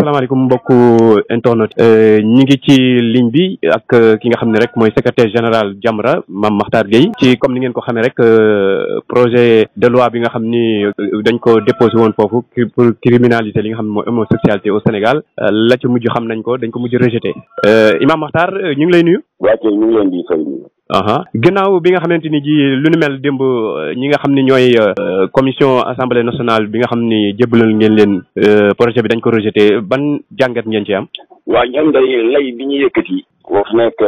salaamaaleykum mbokku internet euh, ñi ngi ci ligne bi ak euh, ki nga xam ne rek mooy secrétaire général Jamra Mame Makhtar Gueye ci comme ni ngeen ko xamee rek euh, projet de loi bi nga xam ni dañ ko déposé woon foofu pour criminaliser li nga xam ne mooy homosexualité au Sénégal la ci mujj xam nañ ko dañ ko mujj rejeté Imam Makhtar ñu ngi lay nuyu. waaw ñu ngi leen ginnaaw bi nga xamante ni ji lu nu mel démb euh, ñi nga xam ne ñooy euh, commission assemblée nationale bi nga xam ni jébbalal ngeen leen euh, projet bi dañ ko rejeté ban jàngat ngeen ci am. waaw ñoom day bi ñu yëkkati wax nekk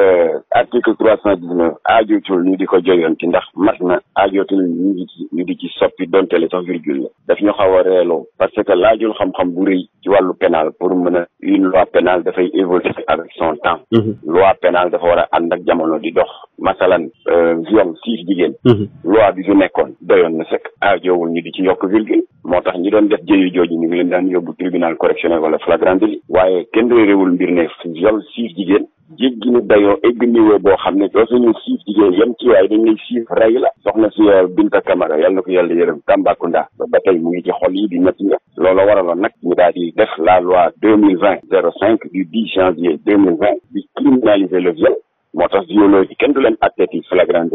article trois cent dix neuf aajootul ñu di ko joyanti ndax mat na aajootul ñu di ci soppi donte le sax virgule la daf ñu xaw a reeloo parce que laajul xam-xam bu rëy ci wàllu penal pour mën a une loi penal dafay évoluer avec son temps mhm. loi penal dafa war a ànd ak jamono di dox masalan euh, viol siif jigéen mhm. loi bi fi nekkoon doyoon na sëkk aajoowul ñu di ci yokk virgule moo tax ñu doon def jëyu jooju ñu ngi leen daan yóbbu tribunal correctionnel wala flagrant délit waaye kenn réewul mbir ne viol siif jigéen jéggi ni dayoo egg niveau boo xam ne dootuñu siif jigéen yem ci waaye dañ lay siif rey la soxna si euh, Binta Camara yàlla na ko yàlla yërëm Tambacounda ba tey mu ngi ci xol yi di métti nga loola waraloon nag ñu daal di def la loi deux mille vingt zéro cinq du dix janvier deux mille vingt di criminaliser le viol moo tax violoo yi kenn du leen atte ci flagrant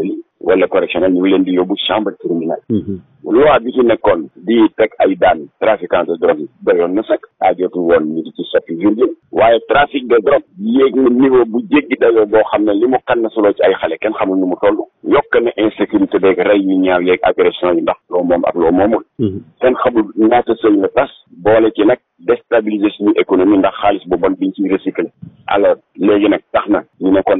wala correctionnel ñu ngi leen di yóbbu chambre criminelle mhm. loi bi ci nekkoon di teg ay daan trafiquant de drogue yi doyoon na sax ajootu woon ñu di ci soppi virgule waaye trafic de drogue yéeg na niveau bu jéggi dayoo boo xam ne li mu kan na solo ci ay xale kenn xamul nu mu toll yokk na insécurité beeg rey yu ñaaw yeeg agression yi ndax loo moom ak loo moomul mhm. kenn xamul ñaata sëy na tas boole ci nag déstabiliser suñu économie ndax xaalis bu bon biñ ciy recycler léegi nag tax na ñu ne kon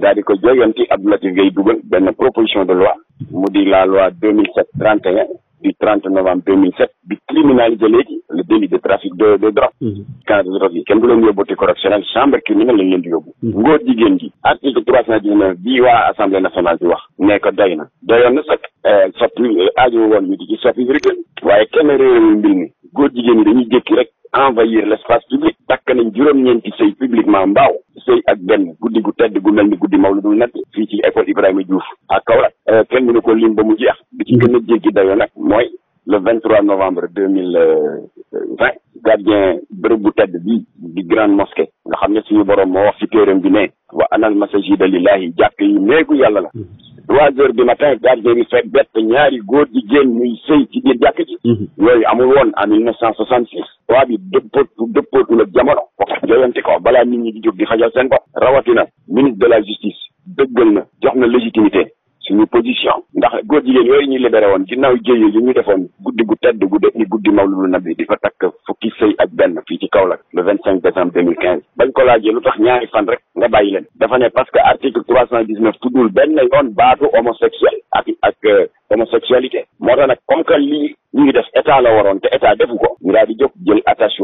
daal di ko joyanti Abdou Latif Gueye dugal benn proposition de loi mu di la loi 2007 31 du 30 novembre 2007 bi criminalisé léegi le délit de trafic de de drogue. Mhm. de drogue kenn du leen yóbbu correctionnel chambre criminelle lañ leen di yóbbu. Mhm. ngóor jigéen trois cent dix-neuf bii waa assemblée nationale bi ne ko doy na doyoon na sot euh, soppi euh, aajo woon ñu di ci soppi virgule. waaye kenn réeréeru mbir mi góor jigéen ñi dañuy rek envahir l' espace takk nañ juróom-ñeenti sëy publiquement sëy ak benn guddi gu tedd gu mel ni guddi mawlidul nabi fii ci école Ibrahima Diouf ak Kaolack euh, kenn mënu ko lim ba mu jeex bi ci gën a jéggi dayo nag mooy le vingt trois novembre deux mille vingt gardien bërëb bu tedd bi di grande mosquée nga xam ne suñu borom moo wax ci téeram bi ne wa anal masajida lillahi jàkk yi néegu yàlla la trois heures du matin garde yi fekk bett ñaari góor di génn ñuy sëy ci biir jàkk ji mhm. yooyu amul woon en mille neuf cent soixante six waa bi dëppootu dëppootul la jamono wax joyanti ko balaa nit ñi di jóg di xajal seen bopp rawatina ministre de la justice dëggal na jox na légitimité suñu position ndax góor jigéen yooyu ñu libéré woon ginnaaw jéye yi ñu defoon guddi gu tedd gu def ni guddi mawludu nabi di fa takk fukki sëy ak benn fii ci Kaolack le vingt cinq décembre deux mille quinze bañ ko laajee lu tax ñaari fan rek nga bàyyi leen dafa ne parce que article trois cent dix neuf tuddul benn yoon baatu homosexuel ak ak euh, homosexualité moo tax nag comme que lii ñu def état la waroon te état defu ko ñu daal di jël attache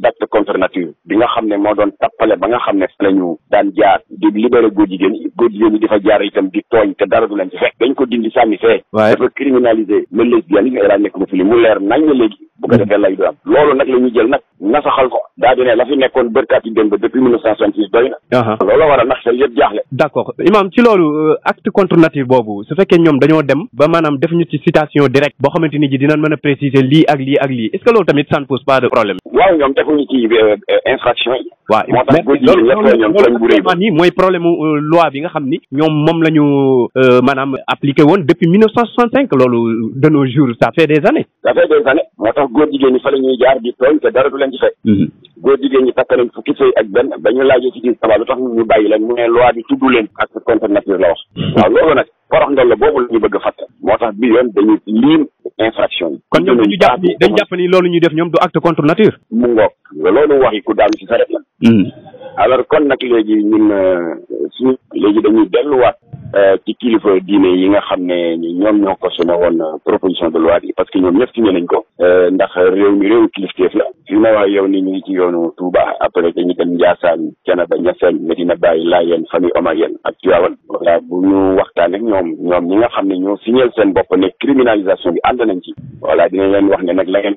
d'acte contre bi nga xam ne moo doon tappale ba nga xam ne fa la daan jaar di libéré góor jigéen góor jigéen ñi dafa jaar itam di tooñ te dara du leen ci fekk dañ ko dindi sànni fee dafa criminaliser le lesbianisme et la nécrophilie mu leer nañ na léegi bu loolu nag la jël nag nasaxal ko daa di nekkoon bërkaat yi démb depuis mille neuf cent soixante six doy na loolu war a nax sa yëpp jaaxle d' accord imaam ci loolu euh, acte contre nature boobu su fekkee ñoom dañoo dem ba maanaam def ñu ci citation direct boo xamante ni ji dinañ mën a préciser lii ak lii ak lii est que loolu tamit ça ne pose de problème waaw ñoom defuñu ci euh, euh, infraction yi waaw moo tax ñoom yi nga xam ni ñoom moom la ñu ndax góor jigéen ñi fa la ñuy jaar di tooñ te dara du leen ci fekk mhm. góor jigéen ñi takk nañ fukki sëy ak benn ba ñu laajee ci biir lu tax ñu bàyyi leen ne loi bi tudd leen ak contre nature la wax mhm. waaw loolu nag forox ndol la boobu la bëgg a moo tax bi yoon dañu liim infraction yi kon ñoom dañu jàpp dañu jàpp ni loolu ñuy def ñoom du acte contre nature mu ngoog loolu waxi daanu ci saret la mhm. alors kon nag léegi ñun euh, léegi dañuy delluwaat Euh, ci kilifa diine yi nga xam ne ñoom ñoo ko suna woon euh, proposition de loi yi parce que ñoom ñëpp signé nañ ko euh, ndax réew mi réew kilifteef la fi na wax yow ni ñu ngi ci yoonu Touba après dañu dem Ndiassane Thiénaba Niassène Medina Baye Layène famille Omarienne ak Tivaouane voilà bu ñu waxtaanee ñoom ñoom ñi nga xam ne ñoo signal seen bopp ne criminalisation bi ànd nañ ci voilà dinañ leen wax ne nag la ngeen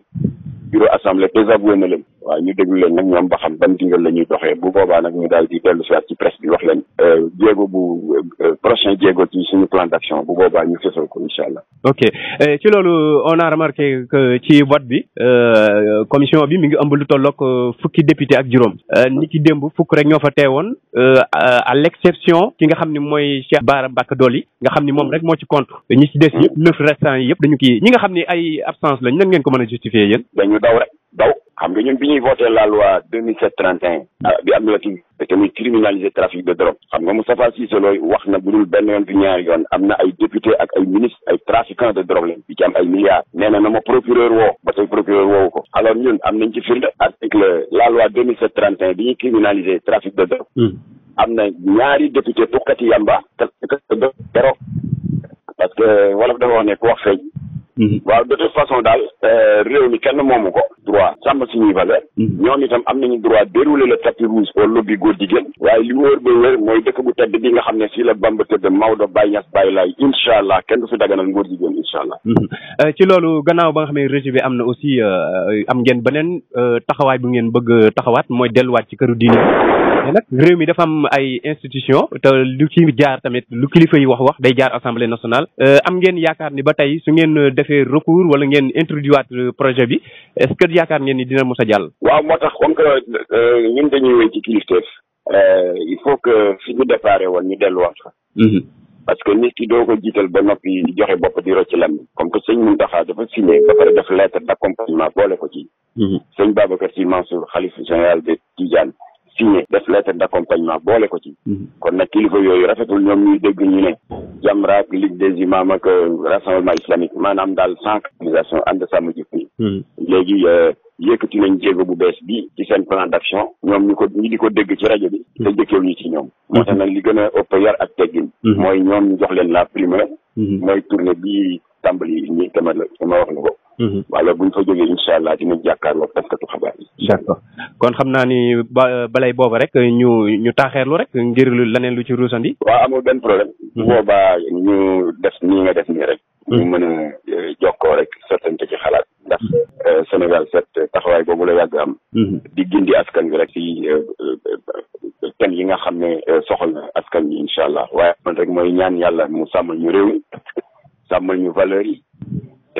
bureau assemblée désavoué na leen waaw ñu déglu leen nag ñoom ba xam ban digal la ñuy doxee bu boobaa nag ñu daal di dellu siwaat ci presse bi wax leen euh, jéego bu euh, prochain jéego ci suñu plan d'action bu boobaa ñu fësal ko incha allah ok euh, ci loolu on a remarqué que ci vote bi commission bi mu ngi ëmb lu tollook fukki député ak juróom ni ki démb fukk rek ñoo fa teewoon à l'exception ki nga xam ni mooy Cheikh Bara Mbacké Dolly nga xam ni moom rek moo ci contre ñi ci des yëpp neuf restants yëpp dañu kii ñi nga xam ni ay absence lañ nan ko mën a justifier yéen dañu daw daw xam nga ñun bi ñuy voté laal loi deux mille sept trente et un ah, bi amnistie te muy criminaliser trafic de drogue xam nga Moustapha Cissé Lo wax na bu dul benn yoon ñaari yoon am na ay député ak ay ministre ay trafiquant de drogue lañ bi ci am ay milliards nee na na ma procureur woo ba tey procureur woowu ko alors ñun am nañ ci firnde article la loi deux mille sept trente et un bi ñuy criminaliser trafic de drogue hmm. am na ñaari député tukkati yamba trafic de drogue parce que wolof dafa wax ne Mhm. waaw de toute façon daal euh, réew mi kenn moomu ko droit sàmm suñuy valeur mhm. ñoom itam am na nañu droit dérouler la tapis rouge au lobby góor jigéen waaye li wóor ba wér mooy dëkk bu tedd bi nga xam ne fii la Bamba tëdd Maodo Baye Niass Baye Laye incha allah kenn du fi daganal góor jigéen incha allah mhm. euh, ci loolu gannaaw ba nga xam ne réseau bi am na aussi euh, am ngeen beneen taxawaay bu ngeen bëgg taxawaat mooy delluwaat ci këru diine mais nag réew mi dafa am ay institution te lu ci jaar tamit lu kilifa yi wax wax day jaar assemblée nationale euh, am ngeen yaakaar ni ba tey su ngeen defee recours wala ngeen waat projet bi est-ce que yaakaar ngeen ni dina mos a jàll. waaw moo tax comme que euh, ñun dañuy wéy ci kilifteef euh, il faut que fi ñu déparé woon ñu delluwaat fa. Mm-hmm. parce que nit ki doo ko jiital ba noppi joxe bopp di rocc lem comme que sëñ Mountakha dafa signé ba pare def lettre d' boole ko ci. Mm-hmm. sëñ Babacar Sy Mansour xalif général de Tidiane. signé def lettre d'accompagnement boole ko ci mhm. kon nag kilifa yooyu rafetul ñoom ñuy dégg ñu ne Jamra ak Ligue des imams ak euh, rassemblement islamique maanaam daal sensibilisation ànd sàmm jikko yi mhm. léegi euh, yëkkati nañ jéego bu bees bi ci seen plan d'action ñoom ñu ko ñi di ko dégg ci rajo bi te mhm. jëkkeew ñu ci ñoom moo tax nag li gën a ëpp yar ak teggin mooy ñoom ñu jox leen la primeur mooy tournée bi tàmbali ñi tama la ma wax la ko Mhm. wala buñ fa jógee incha allah dinañ jàkkaarloog taskatu xabaar yi. d' accord kon xam naa ni ba balay booba rek ñu ñu taaxeerlu rek ngir leneen lu ci ruusandi. waaw amul benn problème. bu mhm. boobaa ñu def nii nga def nii rek. Mhm. ñu mën a eh, jokkoo rek sottante ci xalaat. ndax eh, Sénégal set taxawaay boobu la yàgg am. di gindi askan bi rek ci eh, thèmes yi nga xam ne soxal na askan bi incha allah waaye man rek mooy ñaan yàlla mu sàmmal ñu réew mi sàmmal ñu valeur yi.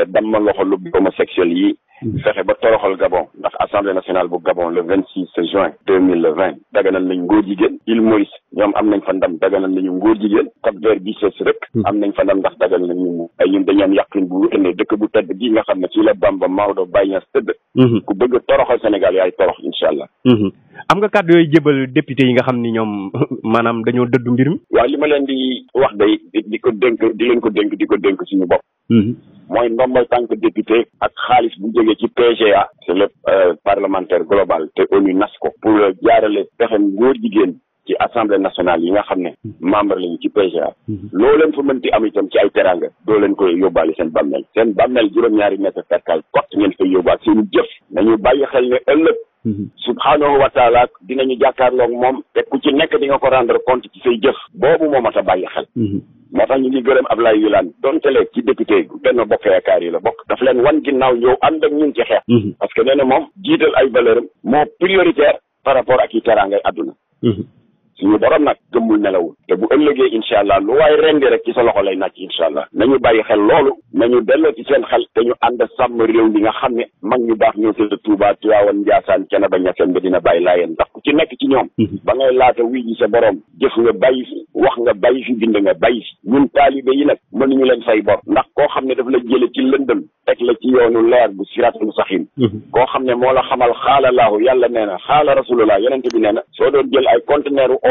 te dam ma loxo lu homosexuel yi mm-hmm. fexe ba toroxal Gabon ndax assemblée nationale bu Gabon le vingt six juin deux mille vingt daganal nañ ngóor jigéen Île Maurice ñoom am nañ fa ndam daganal nañu ngóor jigéen Cap Vert bi sees rek mm-hmm. am nañ fa ndam ndax daganal nañu ay ñun dañu am yàqin bu wér ne dëkk bu tedd gi nga xam ne fii la Bamba Maodo Baye Niass tëdd mm-hmm. ku bëgg toroxal Sénégal yaay torox incha allah am nga kàddu yooyu jébal député yi nga xam ni ñoom maanaam dañoo dëddu mbir mi. waaw li ma leen di wax day di ko dénk di leen ko dénk di ko dénk suñu bopp. Mm-hmm. mooy ndombal tànk député ak xaalis bu jógee ci PGA. c'est le euh, parlementaire global te ONU nas ko. pour euh, jaarale pexem góor jigéen. ci assemblée nationale yi nga xam ne membre lañu ci PGA mm-hmm. loo leen fa mënti am itam ci ay teranga doo leen koy yóbbaale seen bàmmeel seen bàmmeel juróom-ñaari mètre percale kot ngeen fay yóbbaal seen jëf nañu bàyyi xel ne ëllëg Mhm. subhaanahu wa dina ñu jàkkaarlook moom te ku ci nekk di nga ko rendre compte ci say jëf boobu moo mat a bàyyi xel mhm. moo tax ñu ngi gërëm Ablaye donte dontele ci député benn bokk yaakaar yi la bokk daf leen wan ginnaaw yow ànd ak ñun ci xeex mhm. parce que nee na moom jiital ay valeuram moo prioritaire par rapport ak yi teraangay àdduna suñu borom nag gëmmul nelawul te bu ëllëgee incha allah lu waaye rendi rek ci sa loxo lay nàcc incha allah nañu bàyyi xel loolu nañu delloo ci seen xel te ñu ànd sàmm réew li nga xam ne mag ñu baax ñoo fële Touba Tiwaawan Njaasaan Cenaba Ñaseen ba dina bàyyi laayeen ndax ku ci nekk ci ñoom mhm. ba ngay laata wuy ñu sa borom jëf nga bàyyi fi wax nga bàyyi fi bind nga bàyyi fi ñun taalibe yi nag mënuñu leen fay bor ndax koo xam ne daf la jële ci lëndëm teg la ci yoonu leer bu siraatul saxiim mhm. koo xam ne moo la xamal xaala laahu yàlla nee na xaala rasulullah yonente bi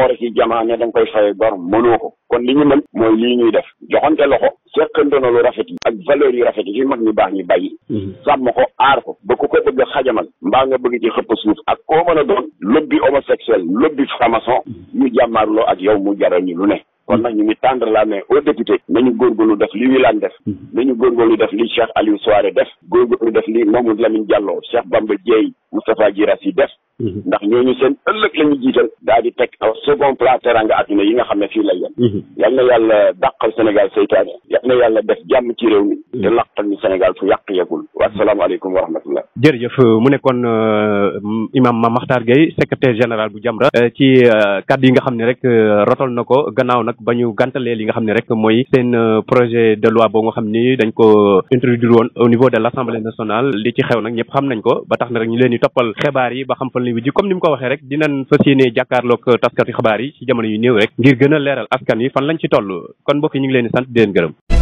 oore ci jamaa ne da nga koy faye borom mënoo ko kon li ñu mën mooy lii ñuy def joxante loxo seqandono lu rafet yi ak valeurs yi rafet yi fi mag ñu baax ñi bàyyi mhm. sàmm ko aar ko ba ku ko bëgg a xajamal mbaa nga bëgg ci xëpp suuf ak koo mën a doon lobby homosexuel lobby franc-maçon mhm. ñu jàmmaarloo ak yow mu jaral ñu lu ne kon nag ñu ngi tendre la main aux députés nañu góorgóorlu def li Wilane def mhm. nañu góorgóorlu def li Cheikh Aliou Souaré def góorgóorlu def li Mamadou Lamine Diallo Cheikh Bamba Dièye Moustapha Guirassy yi def mhm. ndax ñooñu seen ëllëg la ñu jiital daal second plan teranga adduna yi nga xam ne fii lay yem mhm. yal na yàlla dàqal Sénégal seytaane yal na yàlla def jàmm ci réew mi mhm. te laqal ñu Sénégal fu yàq yegul wasalaamualeykum wa rahmatullah jërëjëf mu nekkoon euh, imam ma Makhtar Gueye secretaire général bu Jamra euh, ci euh, kàddu yi nga xam ne rek rotal na ko gannaaw nag ba ñu gàntalee li nga xam ne rek mooy seen projet de loi boo nga xam ni dañ ko introduire woon au niveau de l' assemblée ñu toppal xibaar yi ba xam fan la ñu ji comme ni mu ko waxee rek dinañ fas yéene jàkkaarloog taskati xibaar yi ci jamono yu néew rek ngir gën a leeral askan yi fan lañ ci toll kon mbokk yi ñu ngi leen sant di gërëm